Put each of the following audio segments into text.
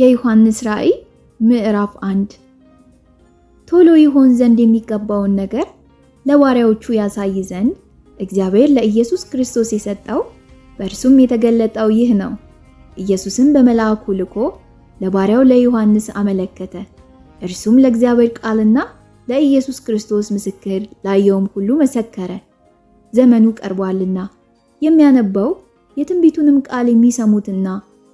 የዮሐንስ ራእይ ምዕራፍ አንድ ቶሎ ይሆን ዘንድ የሚገባውን ነገር ለባሪያዎቹ ያሳይ ዘንድ እግዚአብሔር ለኢየሱስ ክርስቶስ የሰጠው በእርሱም የተገለጠው ይህ ነው። ኢየሱስም በመልአኩ ልኮ ለባሪያው ለዮሐንስ አመለከተ። እርሱም ለእግዚአብሔር ቃልና ለኢየሱስ ክርስቶስ ምስክር ላየውም ሁሉ መሰከረ። ዘመኑ ቀርቧልና የሚያነበው የትንቢቱንም ቃል የሚሰሙትና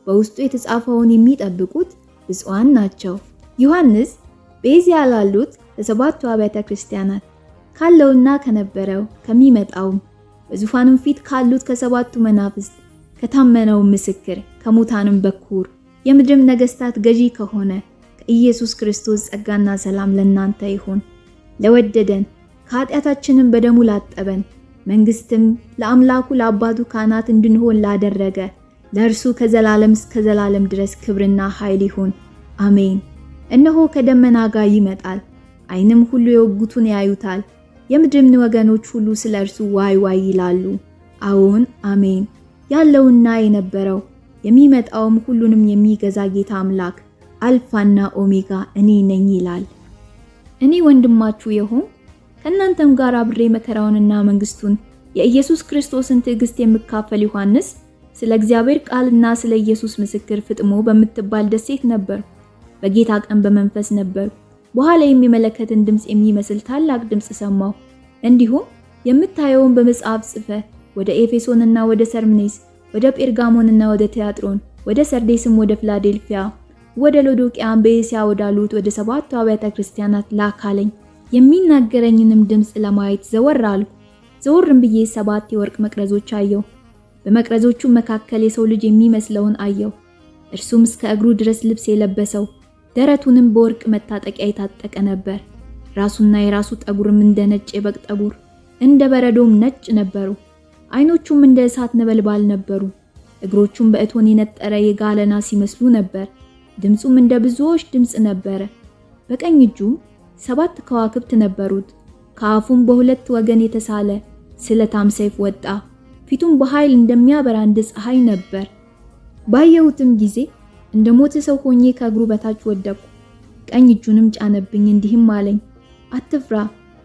በውስጡ የተጻፈውን የሚጠብቁት ብፁዓን ናቸው። ዮሐንስ በዚያ ላሉት ለሰባቱ አብያተ ክርስቲያናት ካለውና ከነበረው ከሚመጣውም በዙፋኑም ፊት ካሉት ከሰባቱ መናፍስት ከታመነውም ምስክር ከሙታንም በኩር የምድርም ነገስታት ገዢ ከሆነ ከኢየሱስ ክርስቶስ ጸጋና ሰላም ለእናንተ ይሁን። ለወደደን ከኃጢአታችንም በደሙ ላጠበን መንግስትም ለአምላኩ ለአባቱ ካህናት እንድንሆን ላደረገ ለእርሱ ከዘላለም እስከ ዘላለም ድረስ ክብርና ኃይል ይሁን፣ አሜን። እነሆ ከደመና ጋር ይመጣል፣ ዓይንም ሁሉ የወጉቱን ያዩታል፣ የምድርም ወገኖች ሁሉ ስለ እርሱ ዋይ ዋይ ይላሉ። አዎን አሜን። ያለውና የነበረው የሚመጣውም ሁሉንም የሚገዛ ጌታ አምላክ አልፋና ኦሜጋ እኔ ነኝ ይላል። እኔ ወንድማችሁ የሆን ከእናንተም ጋር አብሬ መከራውንና መንግስቱን የኢየሱስ ክርስቶስን ትዕግስት የምካፈል ዮሐንስ ስለ እግዚአብሔር ቃልና ስለ ኢየሱስ ምስክር ፍጥሞ በምትባል ደሴት ነበር። በጌታ ቀን በመንፈስ ነበር። በኋላ የሚመለከትን ድምፅ የሚመስል ታላቅ ድምፅ ሰማሁ። እንዲሁም የምታየውን በመጽሐፍ ጽፈ ወደ ኤፌሶንና ወደ ሰርምኔስ፣ ወደ ጴርጋሞንና ወደ ቲያጥሮን፣ ወደ ሰርዴስም፣ ወደ ፊላዴልፊያ፣ ወደ ሎዶቅያን በእስያ ወዳሉት ወደ ሰባቱ አብያተ ክርስቲያናት ላካለኝ። የሚናገረኝንም ድምፅ ለማየት ዘወር አልኩ። ዘወርም ብዬ ሰባት የወርቅ መቅረዞች አየሁ። በመቅረዞቹ መካከል የሰው ልጅ የሚመስለውን አየው። እርሱም እስከ እግሩ ድረስ ልብስ የለበሰው ደረቱንም በወርቅ መታጠቂያ የታጠቀ ነበር። ራሱና የራሱ ጠጉርም እንደ ነጭ የበግ ጠጉር እንደ በረዶም ነጭ ነበሩ። አይኖቹም እንደ እሳት ነበልባል ነበሩ። እግሮቹም በእቶን የነጠረ የጋለ ናስ ነበር። ድምፁም እንደ ብዙዎች ድምፅ ነበረ። በቀኝ እጁም ሰባት ከዋክብት ነበሩት። ከአፉም በሁለት ወገን የተሳለ ስለታም ሰይፍ ወጣ። ፊቱም በኃይል እንደሚያበራ እንደ ፀሐይ ነበር። ባየሁትም ጊዜ እንደ ሞተ ሰው ሆኜ ከእግሩ በታች ወደቅኩ። ቀኝ እጁንም ጫነብኝ፣ እንዲህም አለኝ፣ አትፍራ፣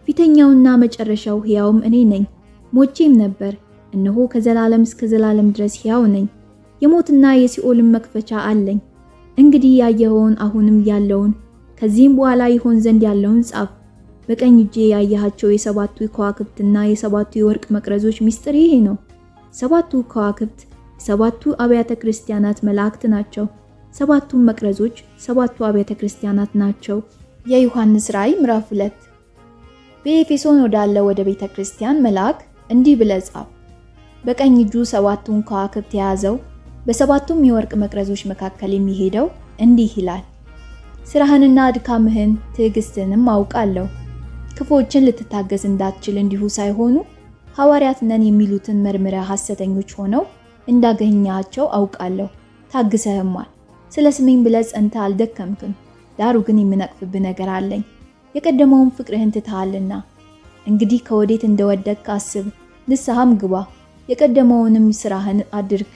ፊተኛውና መጨረሻው ሕያውም እኔ ነኝ። ሞቼም ነበር፣ እነሆ ከዘላለም እስከ ዘላለም ድረስ ሕያው ነኝ። የሞትና የሲኦልም መክፈቻ አለኝ። እንግዲህ ያየኸውን አሁንም ያለውን ከዚህም በኋላ ይሆን ዘንድ ያለውን ጻፍ። በቀኝ እጄ ያየሃቸው የሰባቱ ከዋክብትና የሰባቱ የወርቅ መቅረዞች ምስጢር ይሄ ነው። ሰባቱ ከዋክብት ሰባቱ አብያተ ክርስቲያናት መላእክት ናቸው። ሰባቱ መቅረዞች ሰባቱ አብያተ ክርስቲያናት ናቸው። የዮሐንስ ራእይ ምዕራፍ 2 በኤፌሶን ወዳለ ወደ ቤተ ክርስቲያን መልአክ እንዲህ ብለ ጻፍ። በቀኝ እጁ ሰባቱን ከዋክብት የያዘው በሰባቱም የወርቅ መቅረዞች መካከል የሚሄደው እንዲህ ይላል፣ ስራህንና ድካምህን ትዕግስትንም አውቃለሁ። ክፉዎችን ልትታገስ እንዳትችል እንዲሁ ሳይሆኑ ሐዋርያት ነን የሚሉትን መርምሪያ ሐሰተኞች ሆነው እንዳገኛቸው አውቃለሁ። ታግሰህማል። ስለ ስሜን ብለህ ጸንተ አልደከምክም። ዳሩ ግን የምነቅፍብህ ነገር አለኝ። የቀደመውን ፍቅርህን ትተሃልና እንግዲህ ከወዴት እንደወደቅክ አስብ፣ ንስሐም ግባ፣ የቀደመውንም ስራህን አድርግ።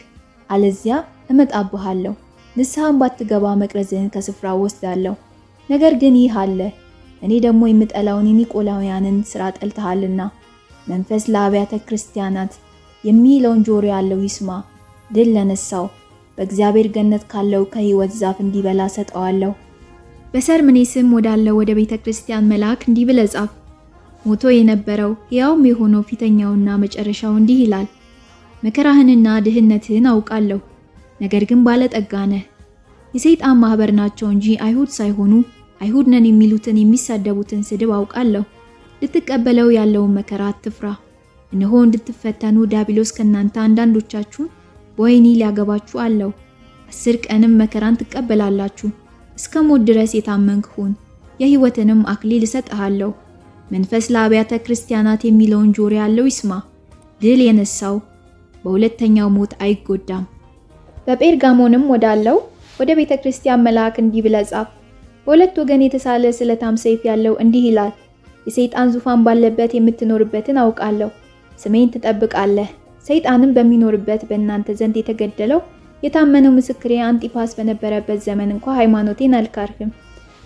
አለዚያ እመጣብሃለሁ፣ ንስሐም ባትገባ መቅረዝህን ከስፍራ ወስዳለሁ። ነገር ግን ይህ አለ፣ እኔ ደግሞ የምጠላውን የኒቆላውያንን ስራ ጠልተሃልና መንፈስ ለአብያተ ክርስቲያናት የሚለውን ጆሮ ያለው ይስማ። ድል ለነሳው በእግዚአብሔር ገነት ካለው ከሕይወት ዛፍ እንዲበላ ሰጠዋለሁ። ስም ወዳለው ወደ ቤተ ክርስቲያን መልአክ እንዲህ ብለህ ጻፍ። ሞቶ የነበረው ሕያውም የሆነው ፊተኛውና መጨረሻው እንዲህ ይላል፣ መከራህንና ድህነትህን አውቃለሁ፣ ነገር ግን ባለጠጋ ነህ። የሰይጣን ማኅበር ናቸው እንጂ አይሁድ ሳይሆኑ አይሁድ ነን የሚሉትን የሚሳደቡትን ስድብ አውቃለሁ ልትቀበለው ያለውን መከራ አትፍራ። እነሆ እንድትፈተኑ ዲያብሎስ ከእናንተ አንዳንዶቻችሁን በወህኒ ሊያገባችሁ አለው። አስር ቀንም መከራን ትቀበላላችሁ። እስከ ሞት ድረስ የታመንክ ሁን፣ የሕይወትንም አክሊል እሰጥሃለሁ። መንፈስ ለአብያተ ክርስቲያናት የሚለውን ጆሮ ያለው ይስማ። ድል የነሳው በሁለተኛው ሞት አይጎዳም። በጴርጋሞንም ወዳለው ወደ ቤተ ክርስቲያን መልአክ እንዲህ ብለህ ጻፍ። በሁለት ወገን የተሳለ ስለታም ሰይፍ ያለው እንዲህ ይላል የሰይጣን ዙፋን ባለበት የምትኖርበትን አውቃለሁ። ስሜን ትጠብቃለህ። ሰይጣንም በሚኖርበት በእናንተ ዘንድ የተገደለው የታመነው ምስክሬ አንጢፋስ በነበረበት ዘመን እንኳ ሃይማኖቴን አልካርክም።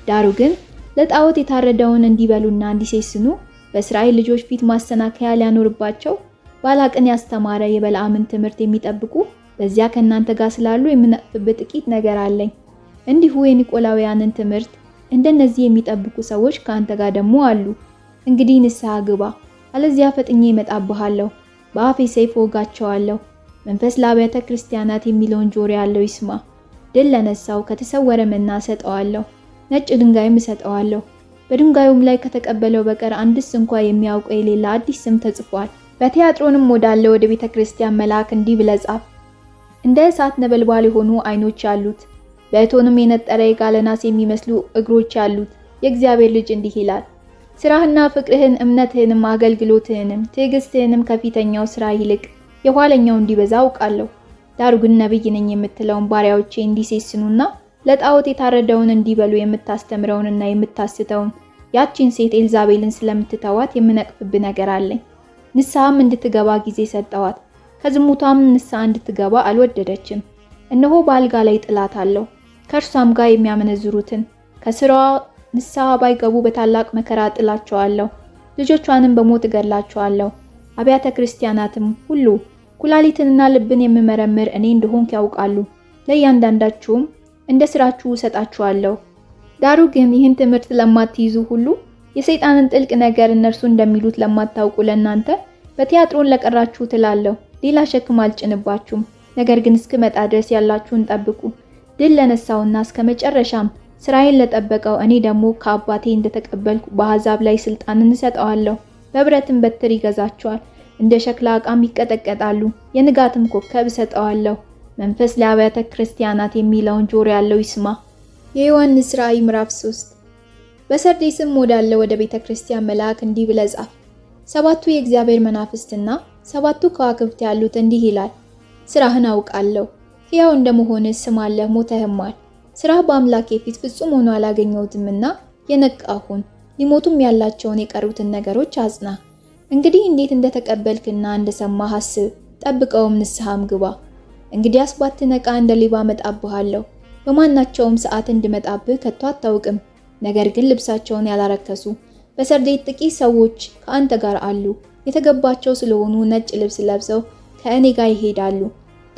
ዳሩ ግን ለጣዖት የታረደውን እንዲበሉና እንዲሴስኑ በእስራኤል ልጆች ፊት ማሰናከያ ሊያኖርባቸው ባላቅን ያስተማረ የበልዓምን ትምህርት የሚጠብቁ በዚያ ከእናንተ ጋር ስላሉ የምነቅፍበት ጥቂት ነገር አለኝ። እንዲሁ የኒቆላውያንን ትምህርት እንደነዚህ የሚጠብቁ ሰዎች ከአንተ ጋር ደግሞ አሉ። እንግዲህ ንስሐ ግባ፣ አለዚያ ፈጥኜ እመጣብሃለሁ፣ በአፌ ሰይፍ ወጋቸዋለሁ። መንፈስ ለአብያተ ክርስቲያናት የሚለውን ጆሮ ያለው ይስማ። ድል ለነሳው ከተሰወረ መና እሰጠዋለሁ፣ ነጭ ድንጋይም እሰጠዋለሁ። በድንጋዩም ላይ ከተቀበለው በቀር አንድስ እንኳ የሚያውቀው የሌላ አዲስ ስም ተጽፏል። በቲያጥሮንም ወዳለ ወደ ቤተ ክርስቲያን መልአክ እንዲህ ጻፍ። እንደ እሳት ነበልባል የሆኑ አይኖች ያሉት በእቶንም የነጠረ የጋለ ናስ የሚመስሉ እግሮች ያሉት የእግዚአብሔር ልጅ እንዲህ ይላል። ስራህና ፍቅርህን እምነትህንም አገልግሎትህንም ትዕግስትህንም ከፊተኛው ስራ ይልቅ የኋለኛው እንዲበዛ አውቃለሁ። ዳሩ ግን ነብይ ነኝ የምትለውን ባሪያዎቼ እንዲሴስኑና ለጣዖት የታረደውን እንዲበሉ የምታስተምረውንና የምታስተውን ያቺን ሴት ኤልዛቤልን ስለምትተዋት የምነቅፍብ ነገር አለኝ። ንስሐም እንድትገባ ጊዜ ሰጠዋት፣ ከዝሙቷም ንስሐ እንድትገባ አልወደደችም። እነሆ በአልጋ ላይ ጥላት አለው ከእርሷም ጋር የሚያመነዝሩትን ከስራዋ ንስሐ ባይገቡ በታላቅ መከራ ጥላቸዋለሁ፣ ልጆቿንም በሞት እገድላቸዋለሁ። አብያተ ክርስቲያናትም ሁሉ ኩላሊትንና ልብን የምመረምር እኔ እንደሆን ያውቃሉ። ለእያንዳንዳችሁም እንደ ስራችሁ እሰጣችኋለሁ። ዳሩ ግን ይህን ትምህርት ለማትይዙ ሁሉ የሰይጣንን ጥልቅ ነገር እነርሱ እንደሚሉት ለማታውቁ ለእናንተ በቲያጥሮን ለቀራችሁ ትላለሁ። ሌላ ሸክም አልጭንባችሁም። ነገር ግን እስክመጣ ድረስ ያላችሁን ጠብቁ። ድል ለነሳውና እስከ መጨረሻም ስራዬን ለጠበቀው እኔ ደግሞ ከአባቴ እንደተቀበልኩ በአሕዛብ ላይ ስልጣን እሰጠዋለሁ። በብረትም በትር ይገዛቸዋል፣ እንደ ሸክላ ዕቃም ይቀጠቀጣሉ። የንጋትም ኮከብ እሰጠዋለሁ። መንፈስ ለአብያተ ክርስቲያናት የሚለውን ጆሮ ያለው ይስማ። የዮሐንስ ራእይ ምዕራፍ 3 በሰርዴስም ወዳለ ወደ ቤተ ክርስቲያን መልአክ እንዲህ ብለ ጻፍ፣ ሰባቱ የእግዚአብሔር መናፍስትና ሰባቱ ከዋክብት ያሉት እንዲህ ይላል፣ ስራህን አውቃለሁ። ሕያው እንደመሆንህ ስም አለህ፣ ሞተህማል ስራ በአምላክ የፊት ፍጹም ሆኖ አላገኘሁትምና የነቃሁን ሊሞቱም ያላቸውን የቀሩትን ነገሮች አጽና። እንግዲህ እንዴት እንደተቀበልክና እንደሰማህ አስብ፣ ጠብቀውም ንስሐም ግባ። እንግዲያስ ባትነቃ እንደ ሌባ እመጣብሃለሁ፣ በማናቸውም ሰዓት እንድመጣብህ ከቶ አታውቅም። ነገር ግን ልብሳቸውን ያላረከሱ በሰርዴት ጥቂት ሰዎች ከአንተ ጋር አሉ። የተገባቸው ስለሆኑ ነጭ ልብስ ለብሰው ከእኔ ጋር ይሄዳሉ።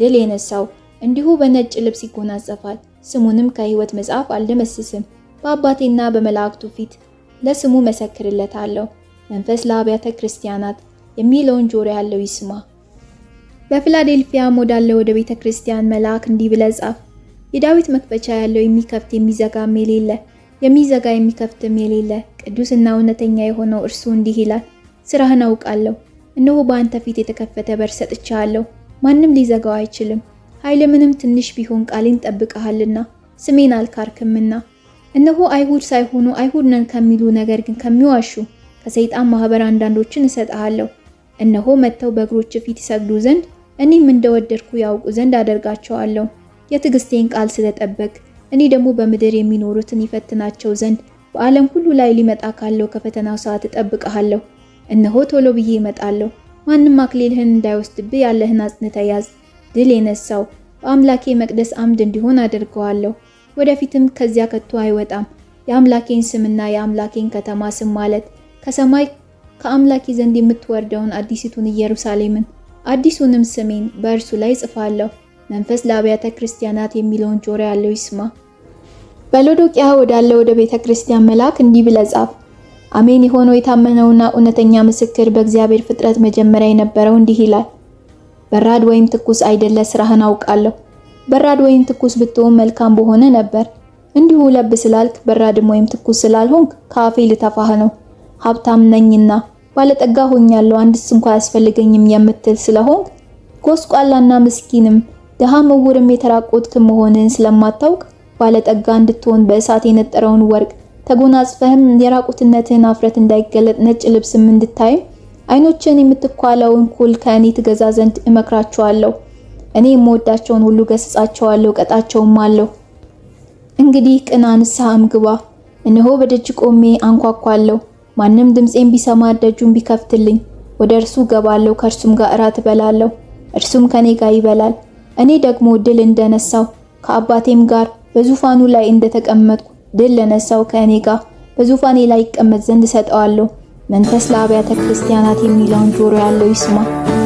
ድል የነሳው እንዲሁ በነጭ ልብስ ይጎናጸፋል። ስሙንም ከሕይወት መጽሐፍ አልደመስስም። በአባቴና በመላእክቱ ፊት ለስሙ መሰክርለታለሁ። መንፈስ ለአብያተ ክርስቲያናት የሚለውን ጆሮ ያለው ይስማ። በፊላዴልፊያም ወዳለ ወደ ቤተ ክርስቲያን መልአክ እንዲህ ብለ ጻፍ። የዳዊት መክፈቻ ያለው የሚከፍት የሚዘጋም የሌለ የሚዘጋ የሚከፍትም የሌለ ቅዱስና እውነተኛ የሆነው እርሱ እንዲህ ይላል፣ ስራህን አውቃለሁ። እነሆ በአንተ ፊት የተከፈተ በር ሰጥቻለሁ፣ ማንም ሊዘጋው አይችልም። ኃይለምንም ትንሽ ቢሆን ቃሌን ጠብቀሃልና ስሜን አልካርክምና እነሆ አይሁድ ሳይሆኑ አይሁድ ነን ከሚሉ ነገር ግን ከሚዋሹ ከሰይጣን ማህበር አንዳንዶችን እሰጥሃለሁ። እነሆ መጥተው በእግሮች ፊት ይሰግዱ ዘንድ እኔም እንደወደድኩ ያውቁ ዘንድ አደርጋቸዋለሁ። የትዕግስቴን ቃል ስለጠበቅ እኔ ደግሞ በምድር የሚኖሩትን ይፈትናቸው ዘንድ በዓለም ሁሉ ላይ ሊመጣ ካለው ከፈተናው ሰዓት እጠብቀሃለሁ። እነሆ ቶሎ ብዬ እመጣለሁ። ማንም አክሊልህን እንዳይወስድብህ ያለህን አጽንተ ያዝ። ድል የነሳው በአምላኬ መቅደስ አምድ እንዲሆን አድርገዋለሁ። ወደፊትም ከዚያ ከቶ አይወጣም። የአምላኬን ስምና የአምላኬን ከተማ ስም ማለት ከሰማይ ከአምላኬ ዘንድ የምትወርደውን አዲሲቱን ኢየሩሳሌምን አዲሱንም ስሜን በእርሱ ላይ ጽፋለሁ። መንፈስ ለአብያተ ክርስቲያናት የሚለውን ጆሮ ያለው ይስማ። በሎዶቅያ ወዳለ ወደ ቤተ ክርስቲያን መልአክ እንዲህ ብለ ጻፍ። አሜን የሆነው የታመነውና እውነተኛ ምስክር በእግዚአብሔር ፍጥረት መጀመሪያ የነበረው እንዲህ ይላል በራድ ወይም ትኩስ አይደለ፣ ስራህን አውቃለሁ። በራድ ወይም ትኩስ ብትሆን መልካም በሆነ ነበር። እንዲሁ ለብ ስላልክ በራድም ወይም ትኩስ ስላልሆንክ ከአፌ ልተፋህ ነው። ሀብታም ነኝና ባለጠጋ ሆኛለሁ አንድስ እንኳ አያስፈልገኝም የምትል ስለሆንክ ጎስቋላና ምስኪንም ድሃም መውርም የተራቆትክ መሆንን ስለማታውቅ ባለጠጋ እንድትሆን በእሳት የነጠረውን ወርቅ ተጎናጽፈህም የራቁትነትህን አፍረት እንዳይገለጥ ነጭ ልብስም እንድታይም አይኖችን የምትኳለውን ኩል ከእኔ ትገዛ ዘንድ እመክራቸዋለሁ። እኔ የምወዳቸውን ሁሉ ገስጻቸዋለሁ፣ ቀጣቸውም አለሁ። እንግዲህ ቅና፣ ንስሐም ግባ። እነሆ በደጅ ቆሜ አንኳኳለሁ። ማንም ድምፄን ቢሰማ ደጁን ቢከፍትልኝ ወደ እርሱ ገባለሁ፣ ከእርሱም ጋር እራት እበላለሁ፣ እርሱም ከኔ ጋር ይበላል። እኔ ደግሞ ድል እንደነሳው ከአባቴም ጋር በዙፋኑ ላይ እንደተቀመጥኩ ድል ለነሳው ከእኔ ጋር በዙፋኔ ላይ ይቀመጥ ዘንድ እሰጠዋለሁ። መንፈስ ለአብያተ ክርስቲያናት የሚለውን ጆሮ ያለው ይስማ።